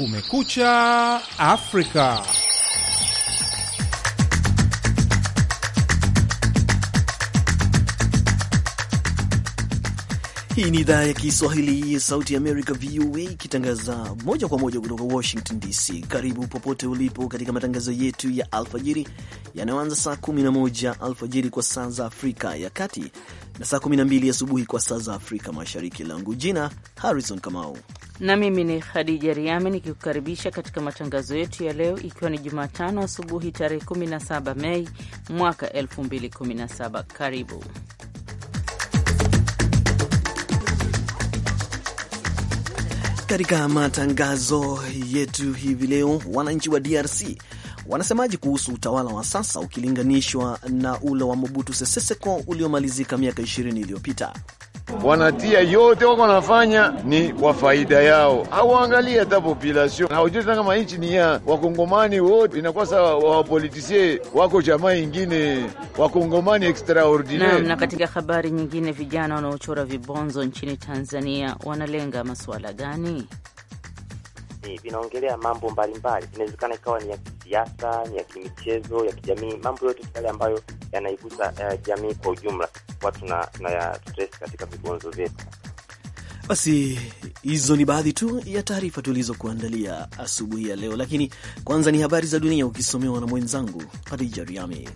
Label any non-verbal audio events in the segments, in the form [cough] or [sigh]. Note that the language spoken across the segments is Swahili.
Kumekucha Afrika. Hii ni idhaa ya Kiswahili ya Sauti ya Amerika, VOA, ikitangaza moja kwa moja kutoka Washington DC. Karibu popote ulipo katika matangazo yetu ya alfajiri yanayoanza saa 11 alfajiri kwa saa za Afrika ya Kati na saa 12 asubuhi kwa saa za Afrika Mashariki. Langu jina Harrison Kamau na mimi ni Khadija Riami nikikukaribisha katika matangazo yetu ya leo, ikiwa ni Jumatano asubuhi tarehe 17 Mei mwaka 2017. Karibu katika matangazo yetu hivi leo. Wananchi wa DRC Wanasemaje kuhusu utawala wa sasa ukilinganishwa na ule wa Mobutu Sese Seko uliomalizika miaka 20 iliyopita? Wanatia yote wako wanafanya ni kwa faida yao, hauangalie hata population na ujue kama nchi ni ya wakongomani wote, inakuwa sawa wawapolitisie wako jamaa ingine wakongomani extraordinaire. Na katika habari nyingine, vijana wanaochora vibonzo nchini Tanzania wanalenga masuala gani? Eh, vinaongelea mambo mbalimbali, inawezekana ikawa ni ya kisiasa, ni ya kimichezo, ya kijamii, mambo yote yale ambayo yanaigusa uh, jamii kwa ujumla, ya stress katika vibonzo vyetu. Basi hizo ni baadhi tu ya taarifa tulizokuandalia asubuhi ya leo, lakini kwanza ni habari za dunia ukisomewa na mwenzangu Hadija Riami.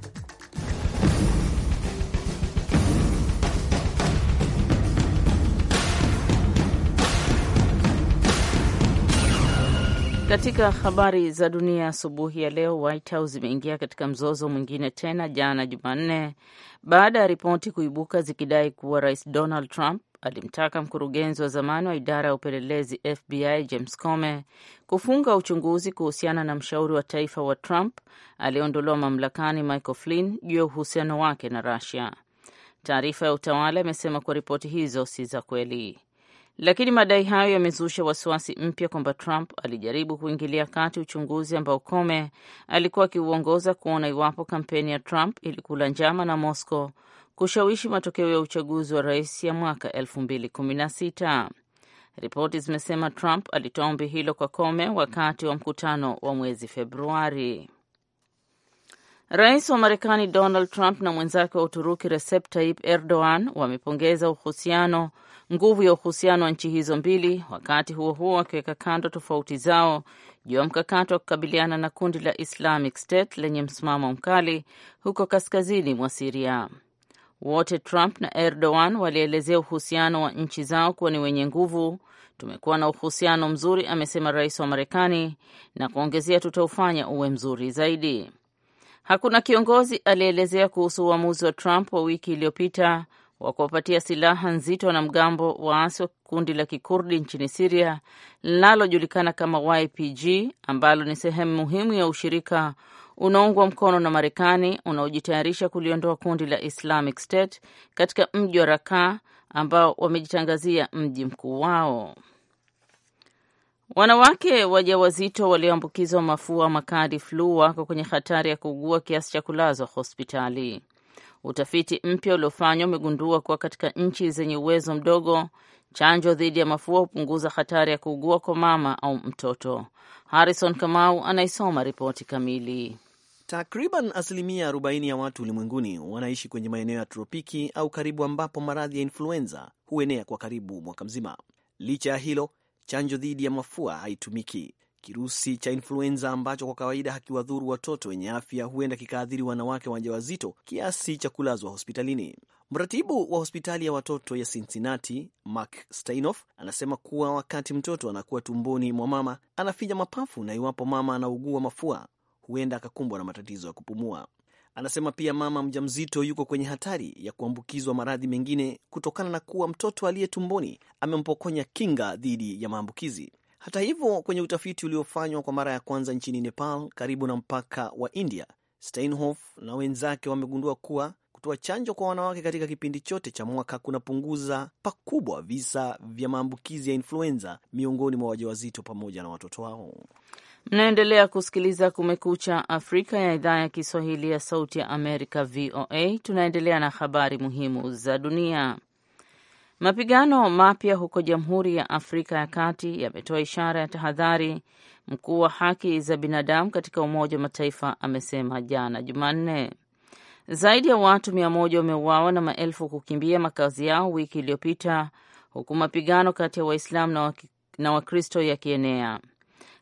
Katika habari za dunia asubuhi ya leo, White House imeingia katika mzozo mwingine tena jana Jumanne baada ya ripoti kuibuka zikidai kuwa Rais Donald Trump alimtaka mkurugenzi wa zamani wa idara ya upelelezi FBI James Comey kufunga uchunguzi kuhusiana na mshauri wa taifa wa Trump aliyeondolewa mamlakani Michael Flynn juu ya uhusiano wake na Russia. Taarifa ya utawala imesema kuwa ripoti hizo si za kweli lakini madai hayo yamezusha wasiwasi mpya kwamba Trump alijaribu kuingilia kati uchunguzi ambao Comey alikuwa akiuongoza kuona iwapo kampeni ya Trump ilikula njama na Moscow kushawishi matokeo ya uchaguzi wa rais ya mwaka 2016. Ripoti zimesema Trump alitoa ombi hilo kwa Comey wakati wa mkutano wa mwezi Februari. Rais wa Marekani Donald Trump na mwenzake wa Uturuki Recep Tayyip Erdogan wamepongeza uhusiano, nguvu ya uhusiano wa nchi hizo mbili, wakati huo huo wakiweka kando tofauti zao juu ya mkakati wa kukabiliana na kundi la Islamic State lenye msimamo mkali huko kaskazini mwa Siria. Wote Trump na Erdogan walielezea uhusiano wa nchi zao kuwa ni wenye nguvu. Tumekuwa na uhusiano mzuri, amesema rais wa Marekani na kuongezea, tutaufanya uwe mzuri zaidi. Hakuna kiongozi alielezea kuhusu uamuzi wa Trump wa wiki iliyopita wa kuwapatia silaha nzito wanamgambo waasi wa kundi la kikurdi nchini Siria linalojulikana kama YPG ambalo ni sehemu muhimu ya ushirika unaungwa mkono na Marekani unaojitayarisha kuliondoa kundi la Islamic State katika mji wa Raka ambao wamejitangazia mji mkuu wao. Wanawake wajawazito walioambukizwa mafua makali flu wako kwenye hatari ya kuugua kiasi cha kulazwa hospitali. Utafiti mpya uliofanywa umegundua kuwa katika nchi zenye uwezo mdogo, chanjo dhidi ya mafua hupunguza hatari ya kuugua kwa mama au mtoto. Harrison Kamau anaisoma ripoti kamili. Takriban asilimia 40 ya watu ulimwenguni wanaishi kwenye maeneo ya tropiki au karibu, ambapo maradhi ya influenza huenea kwa karibu mwaka mzima. Licha ya hilo chanjo dhidi ya mafua haitumiki. Kirusi cha influenza ambacho kwa kawaida hakiwadhuru watoto wenye afya huenda kikaathiri wanawake wajawazito kiasi cha kulazwa hospitalini. Mratibu wa hospitali ya watoto ya Cincinnati, Mark Steinoff, anasema kuwa wakati mtoto anakuwa tumboni mwa mama anafinya mapafu, na iwapo mama anaugua mafua huenda akakumbwa na matatizo ya kupumua. Anasema pia mama mjamzito yuko kwenye hatari ya kuambukizwa maradhi mengine kutokana na kuwa mtoto aliye tumboni amempokonya kinga dhidi ya maambukizi. Hata hivyo, kwenye utafiti uliofanywa kwa mara ya kwanza nchini Nepal karibu na mpaka wa India, Steinhoff na wenzake wamegundua kuwa kutoa chanjo kwa wanawake katika kipindi chote cha mwaka kunapunguza pakubwa visa vya maambukizi ya influenza miongoni mwa wajawazito pamoja na watoto wao. Mnaendelea kusikiliza Kumekucha Afrika ya idhaa ya Kiswahili ya Sauti ya Amerika, VOA. Tunaendelea na habari muhimu za dunia. Mapigano mapya huko Jamhuri ya Afrika ya Kati yametoa ishara ya tahadhari, mkuu wa haki za binadamu katika Umoja wa Mataifa amesema jana Jumanne. Zaidi ya watu mia moja wameuawa na maelfu kukimbia makazi yao wiki iliyopita, huku mapigano kati ya Waislamu na Wakristo yakienea.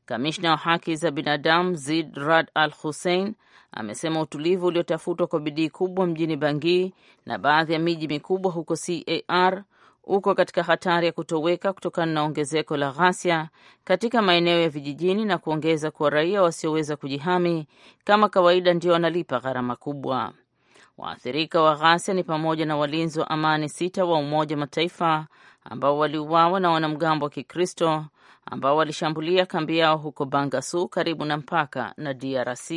Kamishna wa haki za binadamu Zid Rad Al Hussein amesema utulivu uliotafutwa kwa bidii kubwa mjini Bangui na baadhi ya miji mikubwa huko CAR uko katika hatari ya kutoweka kutokana na ongezeko la ghasia katika maeneo ya vijijini, na kuongeza kuwa raia wasioweza kujihami kama kawaida ndio wanalipa gharama kubwa. Waathirika wa ghasia ni pamoja na walinzi wa amani sita wa Umoja Mataifa ambao waliuawa na wanamgambo wa Kikristo ambao walishambulia kambi yao huko Bangasu karibu na mpaka na DRC.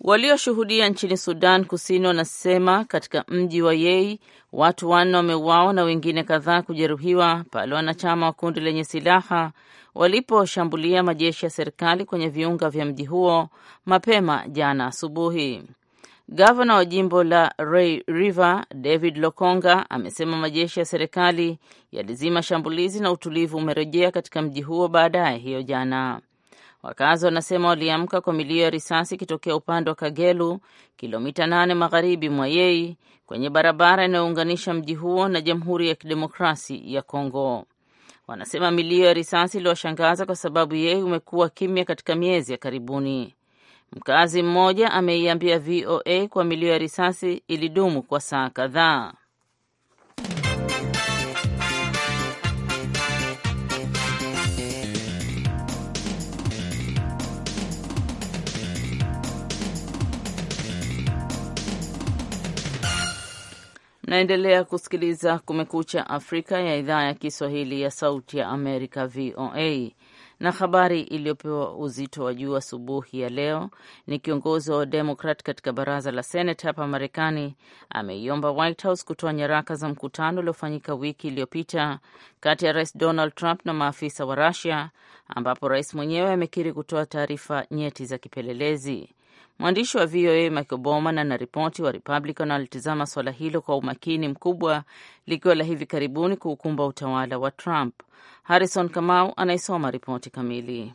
Walioshuhudia nchini Sudan Kusini wanasema katika mji wa Yei watu wanne wameuawa na wengine kadhaa kujeruhiwa pale wanachama wa kundi lenye silaha waliposhambulia majeshi ya serikali kwenye viunga vya mji huo mapema jana asubuhi. Gavana wa jimbo la Ray River David Lokonga amesema majeshi ya serikali yalizima shambulizi na utulivu umerejea katika mji huo baadaye hiyo jana. Wakazi wanasema waliamka kwa milio ya risasi ikitokea upande wa Kagelu, kilomita nane magharibi mwa Yei, kwenye barabara inayounganisha mji huo na Jamhuri ya Kidemokrasi ya Kongo. Wanasema milio ya risasi iliwashangaza kwa sababu Yei umekuwa kimya katika miezi ya karibuni. Mkazi mmoja ameiambia VOA kwa milio ya risasi ilidumu kwa saa kadhaa. Naendelea kusikiliza Kumekucha Afrika ya idhaa ya Kiswahili ya Sauti ya Amerika, VOA. Na habari iliyopewa uzito wa juu asubuhi ya leo ni kiongozi wa Demokrat katika baraza la Senate hapa Marekani ameiomba White House kutoa nyaraka za mkutano uliofanyika wiki iliyopita kati ya Rais Donald Trump na maafisa wa Rusia, ambapo rais mwenyewe amekiri kutoa taarifa nyeti za kipelelezi. Mwandishi wa VOA Michael Bowman anaripoti. Wa Republican walitizama suala hilo kwa umakini mkubwa, likiwa la hivi karibuni kuukumba utawala wa Trump. Harrison Kamau anaisoma ripoti kamili.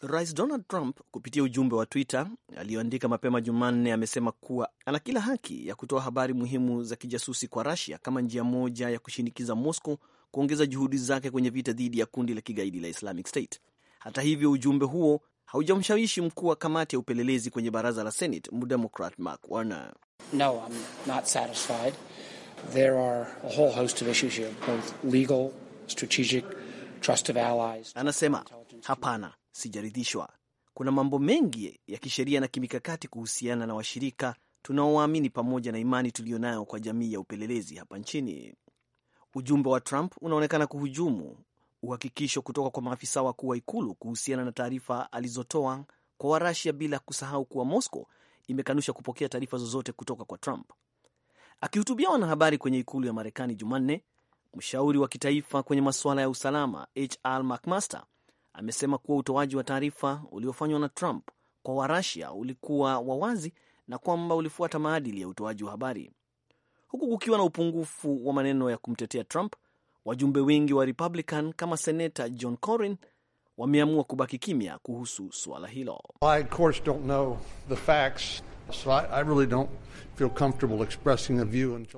Rais Donald Trump kupitia ujumbe wa Twitter aliyoandika mapema Jumanne amesema kuwa ana kila haki ya kutoa habari muhimu za kijasusi kwa Russia kama njia moja ya kushinikiza Moscow kuongeza juhudi zake kwenye vita dhidi ya kundi la kigaidi la Islamic State. Hata hivyo, ujumbe huo haujamshawishi mkuu wa kamati ya upelelezi kwenye baraza la Senate mdemokrat Mark Warner. No, I'm not satisfied. There are a whole host of issues here, both legal, strategic, trust of allies. Anasema hapana, sijaridhishwa. Kuna mambo mengi ya kisheria na kimikakati kuhusiana na washirika tunaowaamini pamoja na imani tuliyonayo kwa jamii ya upelelezi hapa nchini. Ujumbe wa Trump unaonekana kuhujumu uhakikisho kutoka kwa maafisa wakuu wa ikulu kuhusiana na taarifa alizotoa kwa Warasia, bila kusahau kuwa Moscow imekanusha kupokea taarifa zozote kutoka kwa Trump. Akihutubia wanahabari kwenye ikulu ya Marekani Jumanne, mshauri wa kitaifa kwenye masuala ya usalama HR McMaster amesema kuwa utoaji wa taarifa uliofanywa na Trump kwa Warasia ulikuwa wa wazi na kwamba ulifuata maadili ya utoaji wa habari, huku kukiwa na upungufu wa maneno ya kumtetea Trump. Wajumbe wengi wa Republican kama seneta John corin wameamua kubaki kimya kuhusu suala hilo.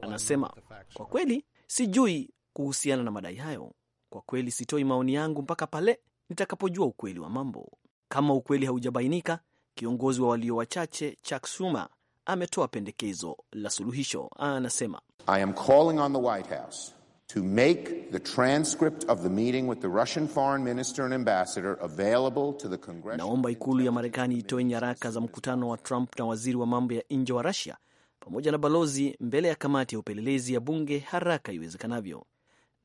Anasema, kwa kweli sijui kuhusiana na madai hayo. Kwa kweli sitoi maoni yangu mpaka pale nitakapojua ukweli wa mambo. Kama ukweli haujabainika, kiongozi wa walio wachache Chuck Schumer ametoa pendekezo la suluhisho. Anasema, I am calling on the White House to make the transcript of the meeting with the Russian foreign minister and ambassador available to the Congress. Naomba ikulu ya Marekani itoe nyaraka za mkutano wa Trump na waziri wa mambo ya nje wa Russia pamoja na balozi mbele ya kamati ya upelelezi ya bunge haraka iwezekanavyo.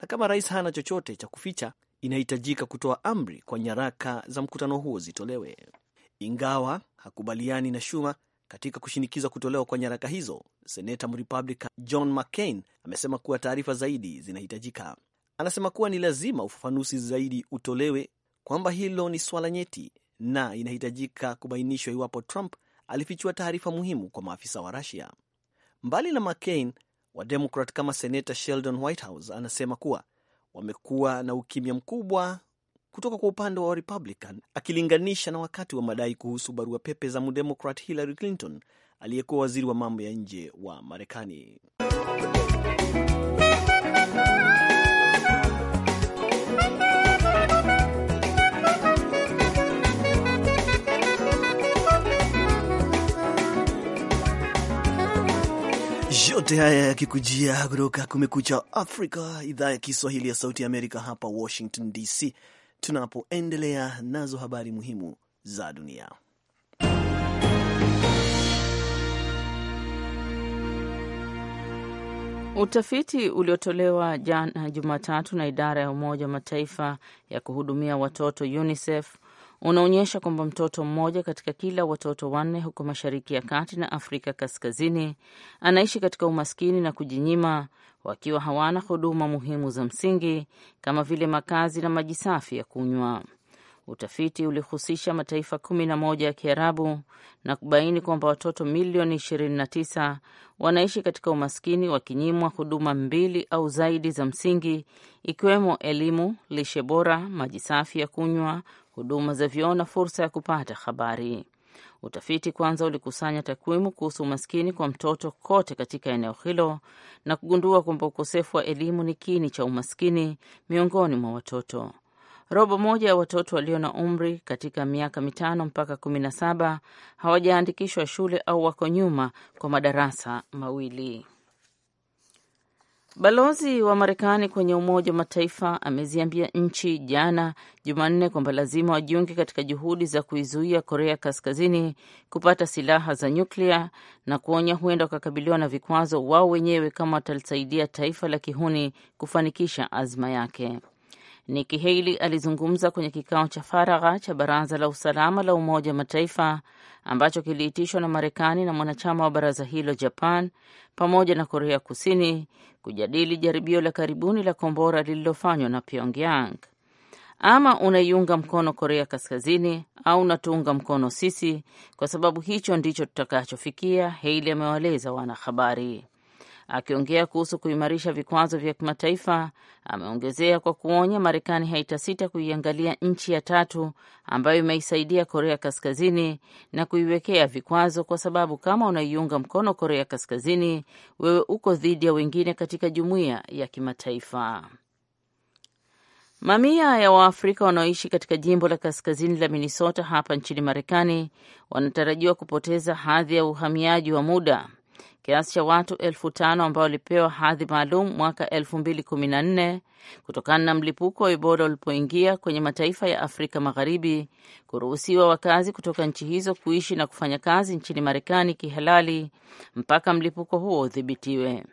Na kama rais hana chochote cha kuficha, inahitajika kutoa amri kwa nyaraka za mkutano huo zitolewe. Ingawa hakubaliani na Shuma, katika kushinikiza kutolewa kwa nyaraka hizo, seneta mrepublican John McCain amesema kuwa taarifa zaidi zinahitajika. Anasema kuwa ni lazima ufafanuzi zaidi utolewe, kwamba hilo ni swala nyeti na inahitajika kubainishwa iwapo Trump alifichua taarifa muhimu kwa maafisa wa Rusia. Mbali na McCain, Wademokrat kama seneta Sheldon Whitehouse anasema kuwa wamekuwa na ukimya mkubwa kutoka kwa upande wa Republican akilinganisha na wakati wa madai kuhusu barua pepe za mdemokrat Hillary Clinton aliyekuwa waziri wa mambo ya nje wa Marekani. Yote haya yakikujia kutoka Kumekucha Afrika, idhaa ya Kiswahili ya Sauti ya Amerika, hapa Washington DC tunapoendelea nazo habari muhimu za dunia. Utafiti uliotolewa jana Jumatatu na idara ya Umoja wa Mataifa ya kuhudumia watoto UNICEF unaonyesha kwamba mtoto mmoja katika kila watoto wanne huko Mashariki ya Kati na Afrika Kaskazini anaishi katika umaskini na kujinyima, wakiwa hawana huduma muhimu za msingi kama vile makazi na maji safi ya kunywa. Utafiti ulihusisha mataifa kumi na moja ya Kiarabu na kubaini kwamba watoto milioni 29 wanaishi katika umaskini wakinyimwa huduma mbili au zaidi za msingi ikiwemo elimu, lishe bora, maji safi ya kunywa, huduma za vyoo na fursa ya kupata habari. Utafiti kwanza ulikusanya takwimu kuhusu umaskini kwa mtoto kote katika eneo hilo na kugundua kwamba ukosefu wa elimu ni kiini cha umaskini miongoni mwa watoto. Robo moja ya watoto walio na umri katika miaka mitano mpaka kumi na saba hawajaandikishwa shule au wako nyuma kwa madarasa mawili. Balozi wa Marekani kwenye Umoja wa Mataifa ameziambia nchi jana Jumanne kwamba lazima wajiunge katika juhudi za kuizuia Korea Kaskazini kupata silaha za nyuklia na kuonya huenda wakakabiliwa na vikwazo wao wenyewe kama watalisaidia taifa la kihuni kufanikisha azma yake. Nikki Haley alizungumza kwenye kikao cha faragha cha Baraza la Usalama la Umoja wa Mataifa ambacho kiliitishwa na Marekani na mwanachama wa baraza hilo Japan pamoja na Korea Kusini kujadili jaribio la karibuni la kombora lililofanywa na Pyongyang. Ama unaiunga mkono Korea Kaskazini au unatuunga mkono sisi, kwa sababu hicho ndicho tutakachofikia, Haley amewaeleza wanahabari. Akiongea kuhusu kuimarisha vikwazo vya kimataifa, ameongezea kwa kuonya Marekani haitasita kuiangalia nchi ya tatu ambayo imeisaidia Korea Kaskazini na kuiwekea vikwazo, kwa sababu kama unaiunga mkono Korea Kaskazini, wewe uko dhidi ya wengine katika jumuiya ya kimataifa. Mamia ya Waafrika wanaoishi katika jimbo la kaskazini la Minnesota hapa nchini Marekani wanatarajiwa kupoteza hadhi ya uhamiaji wa muda kiasi cha watu elfu tano ambao walipewa hadhi maalum mwaka elfu mbili kumi na nne kutokana na mlipuko wa Ebola ulipoingia kwenye mataifa ya Afrika Magharibi, kuruhusiwa wakazi kutoka nchi hizo kuishi na kufanya kazi nchini Marekani kihalali mpaka mlipuko huo udhibitiwe.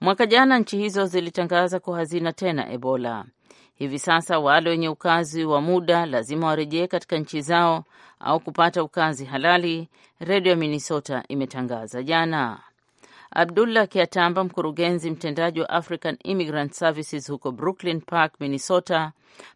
Mwaka jana nchi hizo zilitangaza kuwa hazina tena Ebola. Hivi sasa wale wenye ukazi wa muda lazima warejee katika nchi zao au kupata ukazi halali, redio ya Minnesota imetangaza jana. Abdullah Kiatamba, mkurugenzi mtendaji wa African Immigrant Services huko Brooklyn Park, Minnesota,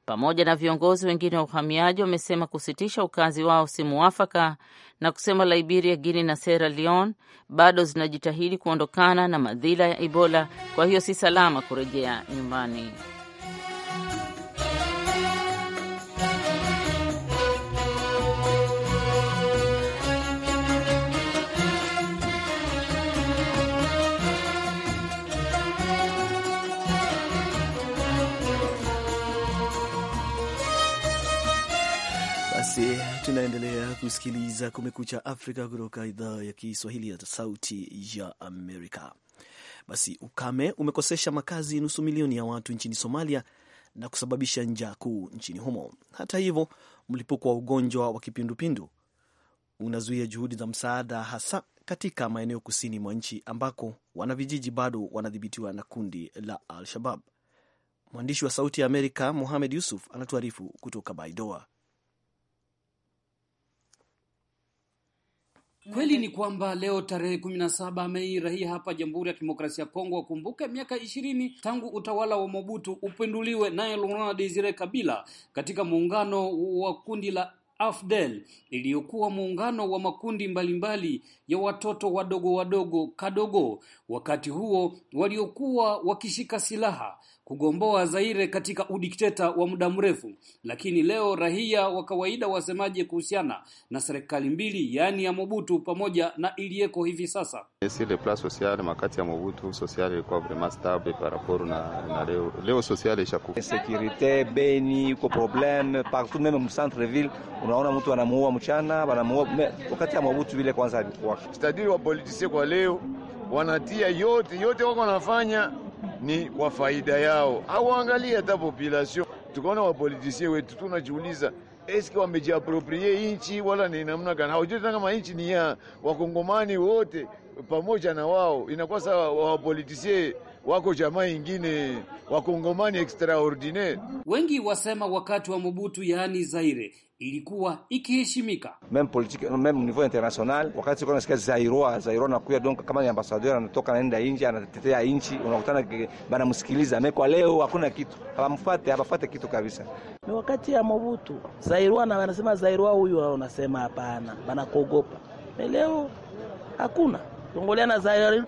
pamoja na viongozi wengine wa uhamiaji wamesema kusitisha ukazi wao si muafaka na kusema Liberia, Guinea na Sierra Leone bado zinajitahidi kuondokana na madhila ya Ebola, kwa hiyo si salama kurejea nyumbani. basi tunaendelea kusikiliza Kumekucha Afrika kutoka idhaa ya Kiswahili ya Sauti ya Amerika. Basi ukame umekosesha makazi nusu milioni ya watu nchini Somalia na kusababisha njaa kuu nchini humo. Hata hivyo, mlipuko wa ugonjwa wa kipindupindu unazuia juhudi za msaada, hasa katika maeneo kusini mwa nchi ambako wanavijiji bado wanadhibitiwa na kundi la Al-Shabab. Mwandishi wa Sauti ya Amerika Mohamed Yusuf anatuarifu kutoka Baidoa. Mm-hmm. Kweli ni kwamba leo tarehe 17 Mei, rahia hapa Jamhuri ya Kidemokrasia ya Kongo wakumbuke miaka ishirini tangu utawala wa Mobutu upinduliwe naye Laurent Desire Kabila katika muungano wa kundi la AFDEL iliyokuwa muungano wa makundi mbalimbali mbali ya watoto wadogo wadogo kadogo, wakati huo waliokuwa wakishika silaha kugomboa Zaire katika udikteta wa muda mrefu. Lakini leo raia wa kawaida wasemaje kuhusiana na serikali mbili, yaani ya Mobutu pamoja na iliyeko hivi sasa? Esi le plan social makati ya Mobutu social ilikuwa vraiment stable par rapport na, na leo leo social ishaku Securite Beni iko problem partout meme mcentre ville, unaona mtu anamuua mchana, anamuua wakati ya Mobutu vile kwanza alikuwa. Stadili wa politisi kwa leo wanatia yote yote wako wanafanya ni kwa faida yao, hawaangalie hata population. Tukaona wapolitisie wetu, tunajiuliza eske wamejiaproprie nchi wala ni namna gani? Hawajui kama nchi ni ya wakongomani wote pamoja na wao, inakuwa sawa wawapolitisie wako jamaa ingine wakongomani extraordinaire. Wengi wasema wakati wa Mobutu, yaani Zaire ilikuwa ikiheshimika meme politique meme niveau international. Wakati kuna nasikia Zairoa Zairoa nakuya donc kama ni ambassadeur anatoka anaenda nje anatetea nchi, unakutana banamsikiliza kwa Leo hakuna kitu, hawamfuate hawafate kitu kabisa. Ni wakati ya Mobutu Zairoa na wanasema Zairoa huyu, wanasema hapana, banakogopa leo hakuna Kongole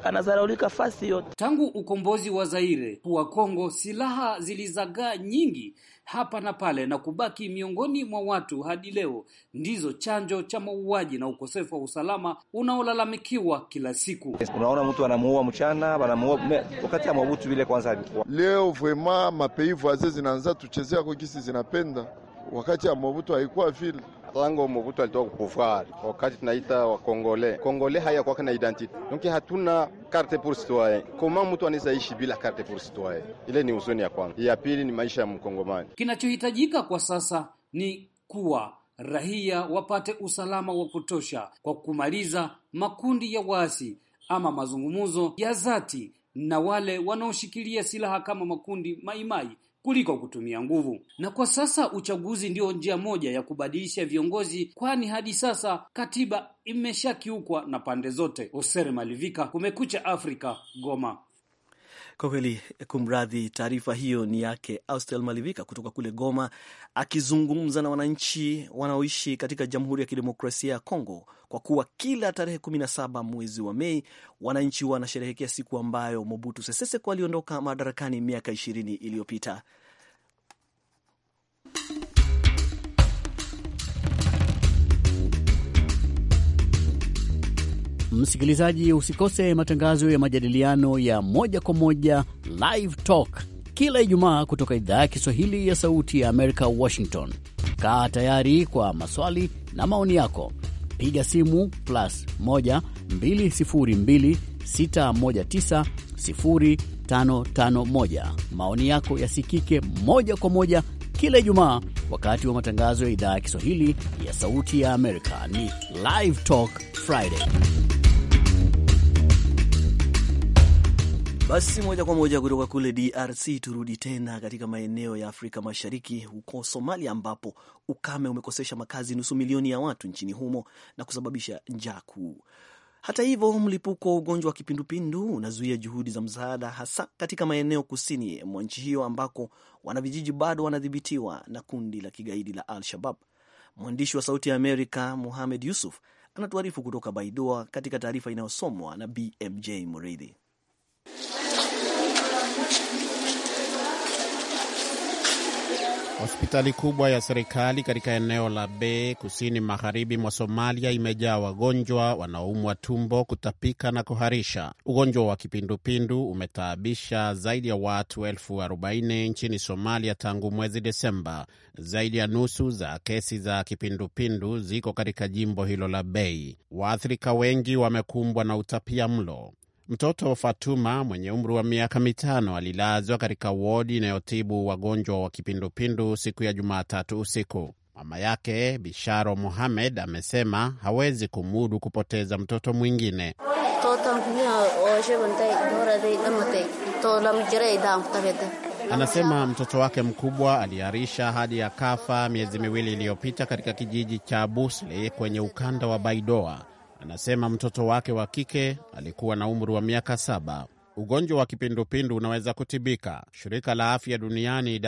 anazaraulika fasi yote. Tangu ukombozi wa Zaire kuwa Kongo, silaha zilizagaa nyingi hapa na pale na kubaki miongoni mwa watu hadi leo, ndizo chanjo cha mauaji na ukosefu wa usalama unaolalamikiwa kila siku. Unaona, mtu anamuua mchana, anamuua wakati ya mwabutu vile. Kwanza alikuwa leo vrema mapei voisin zinaanza tuchezea kwa kisi zinapenda wakati ya mwabutu haikuwa vile tango Mobutu alitoka kupouvoir, wakati tunaita wakongole kongole haya kwake na identity donc hatuna carte pour citoyen. Koma mtu anaweza ishi bila carte pour citoyen? Ile ni huzuni ya kwanza. Ya pili ni maisha ya Mkongomani. Kinachohitajika kwa sasa ni kuwa rahia wapate usalama wa kutosha kwa kumaliza makundi ya waasi ama mazungumzo ya zati na wale wanaoshikilia silaha kama makundi maimai mai kuliko kutumia nguvu. Na kwa sasa uchaguzi ndio njia moja ya kubadilisha viongozi, kwani hadi sasa katiba imeshakiukwa na pande zote. Oser Malivika, Kumekucha Afrika, Goma. Kwa kweli, kumradhi, taarifa hiyo ni yake Austel Malivika kutoka kule Goma, akizungumza na wananchi wanaoishi katika Jamhuri ya Kidemokrasia ya Kongo, kwa kuwa kila tarehe 17 mwezi wa Mei wananchi wanasherehekea siku ambayo Mobutu Sese Seko aliondoka madarakani miaka 20 iliyopita. Msikilizaji, usikose matangazo ya majadiliano ya moja kwa moja Live Talk kila Ijumaa kutoka idhaa ya Kiswahili ya Sauti ya Amerika, Washington. Kaa tayari kwa maswali na maoni yako, piga simu plus 1 202 619 0551. Maoni yako yasikike moja kwa moja kila Ijumaa wakati wa matangazo ya idhaa ya Kiswahili ya Sauti ya Amerika. Ni Live Talk Friday. Basi moja kwa moja kutoka kule DRC turudi tena katika maeneo ya Afrika Mashariki, huko Somalia, ambapo ukame umekosesha makazi nusu milioni ya watu nchini humo na kusababisha njaa kuu. Hata hivyo, mlipuko wa ugonjwa wa kipindupindu unazuia juhudi za msaada, hasa katika maeneo kusini mwa nchi hiyo ambako wanavijiji bado wanadhibitiwa na kundi la kigaidi la Al-Shabab. Mwandishi wa Sauti ya Amerika Muhamed Yusuf anatuarifu kutoka Baidoa katika taarifa inayosomwa na BMJ Muridhi. Hospitali kubwa ya serikali katika eneo la Bay kusini magharibi mwa Somalia imejaa wagonjwa wanaoumwa tumbo, kutapika na kuharisha. Ugonjwa wa kipindupindu umetaabisha zaidi ya watu elfu arobaini nchini Somalia tangu mwezi Desemba. Zaidi ya nusu za kesi za kipindupindu ziko katika jimbo hilo la Bay. Waathirika wengi wamekumbwa na utapia mlo. Mtoto Fatuma mwenye umri wa miaka mitano alilazwa katika wodi inayotibu wagonjwa wa kipindupindu siku ya Jumatatu usiku. Mama yake Bisharo Mohamed amesema hawezi kumudu kupoteza mtoto mwingine. Anasema mtoto wake mkubwa aliharisha hadi ya kafa miezi miwili iliyopita katika kijiji cha Busli kwenye ukanda wa Baidoa. Anasema mtoto wake wa kike alikuwa na umri wa miaka saba. Ugonjwa wa kipindupindu unaweza kutibika. Shirika la Afya Duniani,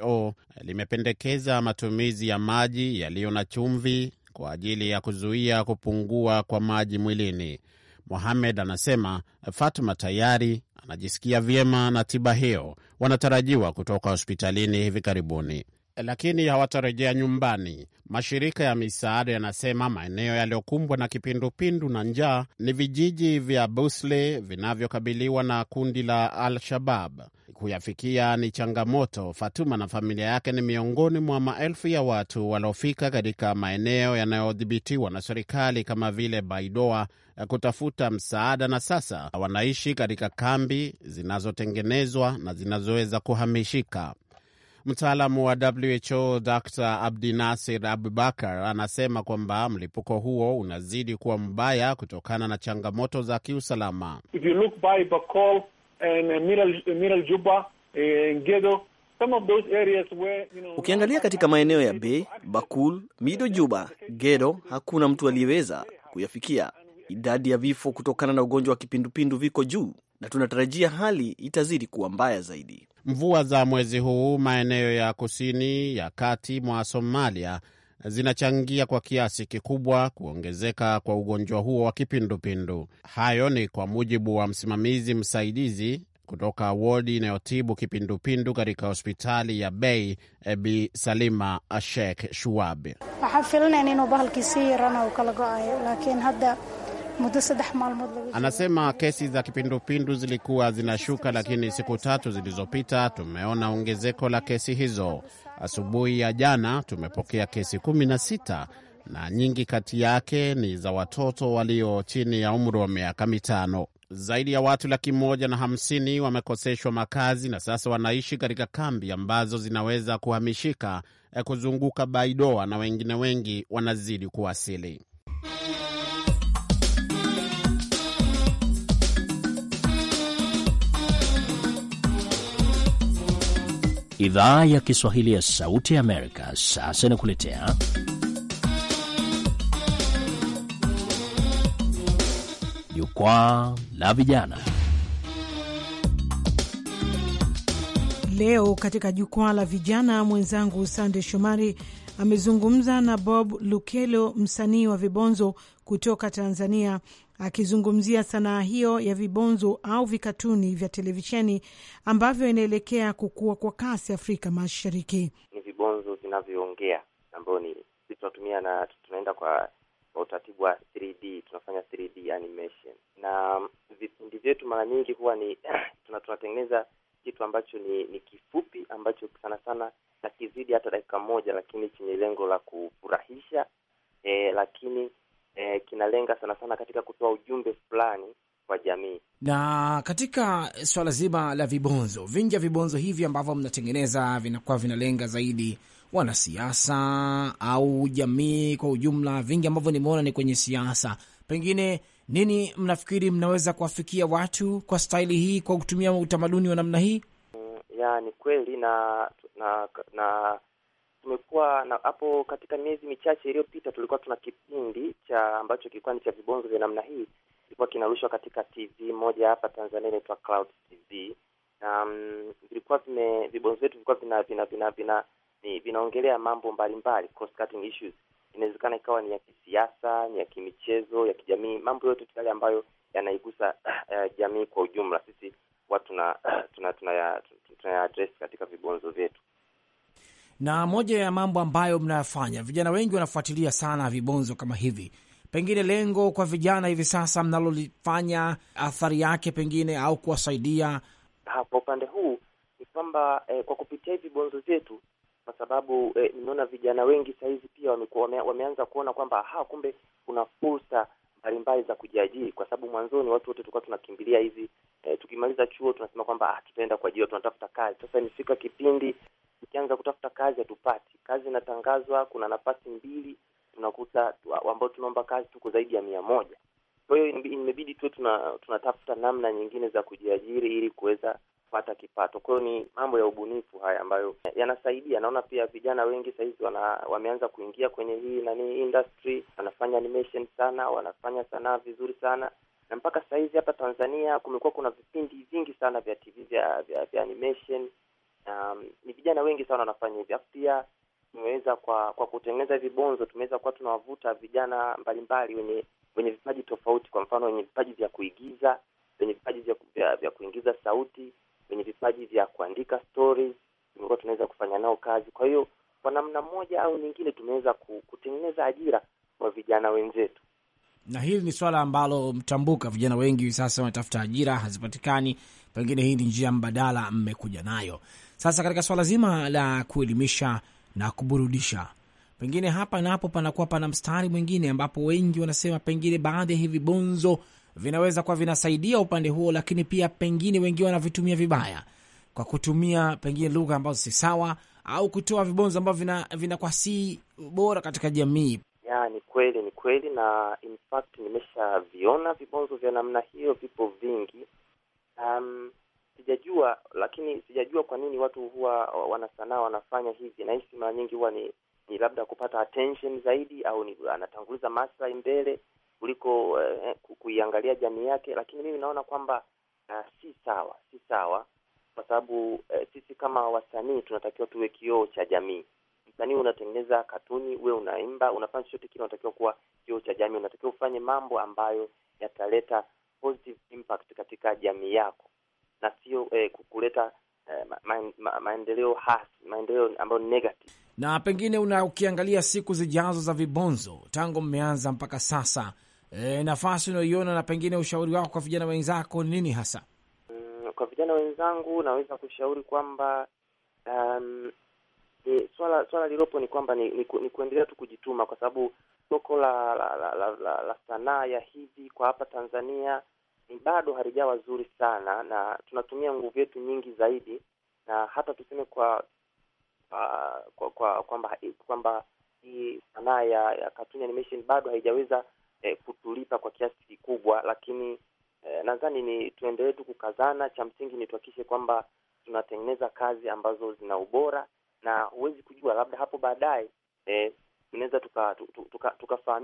WHO, limependekeza matumizi ya maji yaliyo na chumvi kwa ajili ya kuzuia kupungua kwa maji mwilini. Mohamed anasema fatma tayari anajisikia vyema na tiba hiyo. Wanatarajiwa kutoka hospitalini hivi karibuni lakini hawatarejea nyumbani. Mashirika ya misaada yanasema maeneo yaliyokumbwa na kipindupindu na njaa ni vijiji vya Busle vinavyokabiliwa na kundi la Al-Shabab. Kuyafikia ni changamoto. Fatuma na familia yake ni miongoni mwa maelfu ya watu waliofika katika maeneo yanayodhibitiwa na serikali kama vile Baidoa kutafuta msaada, na sasa wanaishi katika kambi zinazotengenezwa na zinazoweza kuhamishika. Mtaalamu wa WHO Dr Abdi Nasir Abubakar anasema kwamba mlipuko huo unazidi kuwa mbaya kutokana na changamoto za kiusalama. If you look by and uh, uh, Miral Juba, uh, Gedo, some of those areas where, you know, ukiangalia katika maeneo ya Bay, Bakul, Mido, Juba, Gedo, hakuna mtu aliyeweza kuyafikia. Idadi ya vifo kutokana na ugonjwa wa kipindupindu viko juu na tunatarajia hali itazidi kuwa mbaya zaidi. Mvua za mwezi huu maeneo ya kusini ya kati mwa Somalia zinachangia kwa kiasi kikubwa kuongezeka kwa ugonjwa huo wa kipindupindu. Hayo ni kwa mujibu wa msimamizi msaidizi kutoka wodi inayotibu kipindupindu katika hospitali ya Bei, Bi Salima Ashek Shuabi. Anasema kesi za kipindupindu zilikuwa zinashuka, lakini siku tatu zilizopita tumeona ongezeko la kesi hizo. Asubuhi ya jana tumepokea kesi kumi na sita na nyingi kati yake ni za watoto walio chini ya umri wa miaka mitano. Zaidi ya watu laki moja na hamsini wamekoseshwa makazi na sasa wanaishi katika kambi ambazo zinaweza kuhamishika eh, kuzunguka Baidoa, na wengine wengi wanazidi kuwasili. Idhaa ya Kiswahili ya Sauti ya Amerika sasa inakuletea Jukwaa la Vijana. Leo katika Jukwaa la Vijana, mwenzangu Sande Shomari amezungumza na Bob Lukelo, msanii wa vibonzo kutoka Tanzania, akizungumzia sanaa hiyo ya vibonzo au vikatuni vya televisheni ambavyo inaelekea kukua kwa kasi Afrika Mashariki. Ni vibonzo vinavyoongea ambayo ni sisi tunatumia na tunaenda kwa utaratibu wa 3D, tunafanya 3D animation na mm, vipindi vyetu mara nyingi huwa ni [clears throat] tunatengeneza kitu ambacho ni, ni kifupi ambacho sana sana na kizidi hata dakika moja, lakini chenye lengo la kufurahisha eh, lakini eh, kinalenga sana sana katika kutoa ujumbe fulani kwa jamii. Na katika swala zima la vibonzo, vingi ya vibonzo hivi ambavyo mnatengeneza vinakuwa vinalenga zaidi wanasiasa au jamii kwa ujumla, vingi ambavyo nimeona ni kwenye siasa. Pengine nini mnafikiri mnaweza kuwafikia watu kwa staili hii, kwa kutumia utamaduni wa namna hii? Mm, ya ni kweli na na, na tumekuwa na hapo, katika miezi michache iliyopita tulikuwa tuna kipindi cha ambacho kilikuwa ni cha vibonzo vya namna hii, kilikuwa kinarushwa katika TV moja hapa Tanzania inaitwa Cloud TV. na mm, vilikuwa vime vibonzo vyetu vilikuwa vina vina vina vina vinaongelea mambo mbalimbali, cross cutting issues. Inawezekana ikawa ni ya kisiasa, ni ya kimichezo, ya kijamii, mambo yote yale ambayo yanaigusa uh, jamii kwa ujumla. Sisi watu tuna uh, tuna tunaya tunaya address katika vibonzo vyetu na moja ya mambo ambayo mnayafanya, vijana wengi wanafuatilia sana vibonzo kama hivi, pengine lengo kwa vijana hivi sasa mnalolifanya, athari yake pengine au kuwasaidia kwa upande huu ni kwamba eh, kwa kupitia hivi bonzo vyetu, kwa sababu eh, nimeona vijana wengi sahizi pia wame, wameanza kuona kwamba ha, kumbe kuna fursa mbalimbali za kujiajiri, kwa sababu mwanzoni watu wote tulikuwa tunakimbilia hizi eh, tukimaliza chuo tunasema kwamba ah, tutaenda kuajiriwa, tunatafuta kazi. Sasa imefika kipindi tukianza kutafuta kazi hatupati kazi. Inatangazwa kuna nafasi mbili, tunakuta ambao tunaomba kazi tuko zaidi ya mia moja. Kwa hiyo imebidi tunatafuta tuna, tunatafuta namna nyingine za kujiajiri ili kuweza kupata kipato. Kwa hiyo ni mambo ya ubunifu haya ambayo yanasaidia. Naona pia vijana wengi sahizi wameanza kuingia kwenye hii nani industry, wanafanya animation sana, wanafanya sanaa vizuri sana na mpaka sahizi hapa Tanzania kumekuwa kuna vipindi vingi sana vya TV vya, vya, vya animation um, ni vijana wengi sana wanafanya hivi, afu pia tumeweza kwa kwa kutengeneza vibonzo, tumeweza kuwa tunawavuta vijana mbalimbali wenye wenye vipaji tofauti, kwa mfano wenye vipaji vya kuigiza, wenye vipaji vya, vya, vya kuingiza sauti, wenye vipaji vya kuandika stories, tumekuwa tunaweza kufanya nao kazi. Kwa hiyo kwa namna moja au nyingine tumeweza kutengeneza ajira kwa vijana wenzetu, na hili ni swala ambalo mtambuka. Vijana wengi sasa wanatafuta ajira, hazipatikani. Pengine hii ni njia mbadala mmekuja nayo. Sasa katika swala zima la kuelimisha na kuburudisha, pengine hapa na hapo panakuwa pana mstari mwingine ambapo wengi wanasema pengine baadhi ya hivi bonzo vinaweza kuwa vinasaidia upande huo, lakini pia pengine wengi wanavitumia vibaya kwa kutumia pengine lugha ambazo si sawa au kutoa vibonzo ambavyo vinakuwa vina si bora katika jamii. Ya, ni kweli ni kweli, na in fact nimeshaviona vibonzo vya namna hiyo, vipo vingi um, sijajua, lakini sijajua kwa nini watu huwa wanasanaa wanafanya hivi. Nahisi mara nyingi huwa ni, ni labda kupata attention zaidi, au ni, anatanguliza maslahi mbele kuliko eh, kuiangalia jamii yake, lakini mimi naona kwamba uh, si sawa, si sawa kwa sababu eh, sisi kama wasanii tunatakiwa tuwe kioo cha jamii. Msanii unatengeneza katuni, we unaimba, unafanya chochote kile, unatakiwa kuwa kioo cha jamii, unatakiwa ufanye mambo ambayo yataleta positive impact katika jamii yako na sio eh, kuleta eh, ma, ma, maendeleo hasi, maendeleo ambayo ni negative. Na pengine una ukiangalia siku zijazo za vibonzo tangu mmeanza mpaka sasa eh, nafasi unayoiona na pengine ushauri wako kwa vijana wenzako ni nini hasa? Mm, kwa vijana wenzangu naweza kushauri kwamba um, E, swala swala lilopo ni kwamba ni, ni, ni kuendelea tu kujituma kwa sababu soko la la, la, la, la sanaa ya hivi kwa hapa Tanzania ni bado halijawa zuri sana, na tunatumia nguvu yetu nyingi zaidi, na hata tuseme kwa kwa kwamba kwamba hii sanaa ya, ya cartoon animation bado haijaweza eh, kutulipa kwa kiasi kikubwa, lakini eh, nadhani ni tuendelee tu kukazana. Cha msingi ni tuhakikishe kwamba tunatengeneza kazi ambazo zina ubora, na huwezi kujua labda hapo baadaye eh, tunaweza tukafahamika tuka,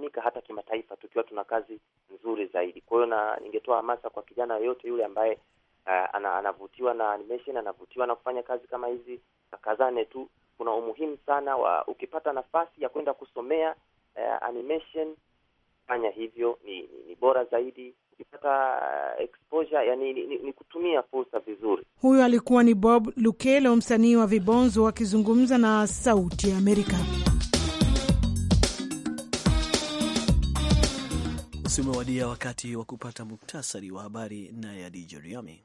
tuka hata kimataifa tukiwa tuna kazi nzuri zaidi. Kwa hiyo na ningetoa hamasa kwa kijana yoyote yule ambaye uh, anavutiwa na animation, anavutiwa na kufanya kazi kama hizi, akazane tu. Kuna umuhimu sana wa ukipata nafasi ya kwenda kusomea uh, animation, fanya hivyo, ni, ni, ni bora zaidi ukipata eh, exposure, yani ni, ni, ni kutumia fursa vizuri. Huyo alikuwa ni Bob Lukelo, msanii wa vibonzo akizungumza na Sauti ya Amerika. Basi umewadia wakati wa kupata muktasari wa habari naye Adija Riami.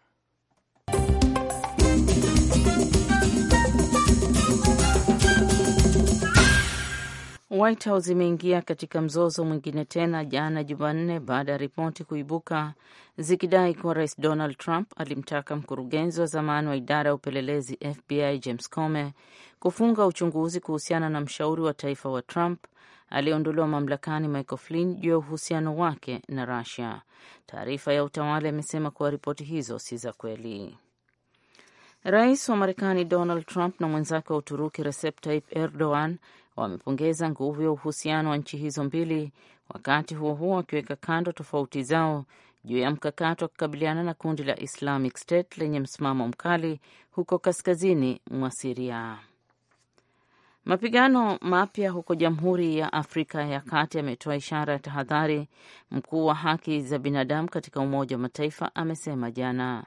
White House imeingia katika mzozo mwingine tena jana Jumanne baada ya ripoti kuibuka zikidai kuwa Rais Donald Trump alimtaka mkurugenzi wa zamani wa idara ya upelelezi FBI James Comey kufunga uchunguzi kuhusiana na mshauri wa taifa wa Trump aliyeondolewa mamlakani Michael Flynn juu ya uhusiano wake na rusia Taarifa ya utawala imesema kuwa ripoti hizo si za kweli. Rais wa Marekani Donald Trump na mwenzake wa Uturuki Recep Tayyip Erdogan wamepongeza nguvu ya uhusiano wa nchi hizo mbili, wakati huo huo wakiweka kando tofauti zao juu ya mkakati wa kukabiliana na kundi la Islamic State lenye msimamo mkali huko kaskazini mwa Siria. Mapigano mapya huko Jamhuri ya Afrika ya Kati yametoa ishara ya tahadhari, mkuu wa haki za binadamu katika Umoja wa Mataifa amesema jana.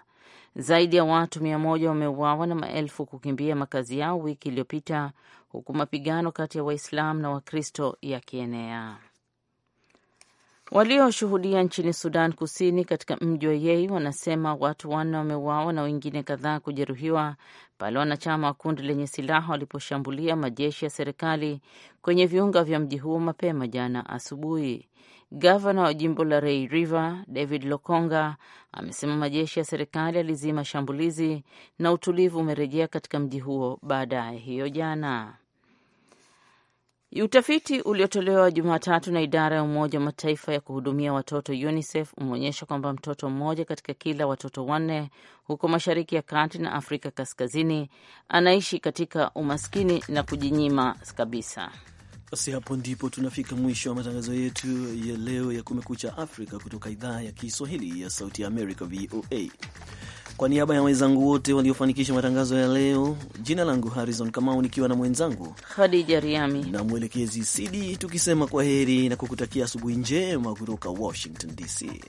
Zaidi ya watu mia moja wameuawa na maelfu kukimbia makazi yao wiki iliyopita, huku mapigano kati ya Waislamu na Wakristo yakienea. Walioshuhudia nchini Sudan Kusini katika mji wa Yei wanasema watu wanne wameuawa na wengine kadhaa kujeruhiwa pale wanachama wa kundi lenye silaha waliposhambulia majeshi ya serikali kwenye viunga vya mji huo mapema jana asubuhi. Gavana wa jimbo la Rei River David Lokonga amesema majeshi ya serikali yalizima shambulizi na utulivu umerejea katika mji huo baadaye hiyo jana. Utafiti uliotolewa Jumatatu na idara ya Umoja wa Mataifa ya kuhudumia watoto UNICEF umeonyesha kwamba mtoto mmoja katika kila watoto wanne huko Mashariki ya Kati na Afrika Kaskazini anaishi katika umaskini na kujinyima kabisa. Basi hapo ndipo tunafika mwisho wa matangazo yetu ya leo ya Kumekucha Afrika kutoka idhaa ya Kiswahili ya Sauti ya Amerika, VOA. Kwa niaba ya wenzangu wote waliofanikisha matangazo ya leo, jina langu Harrison Kamau, nikiwa na mwenzangu hadija Riami na mwelekezi Sidi, tukisema kwa heri na kukutakia asubuhi njema kutoka Washington DC.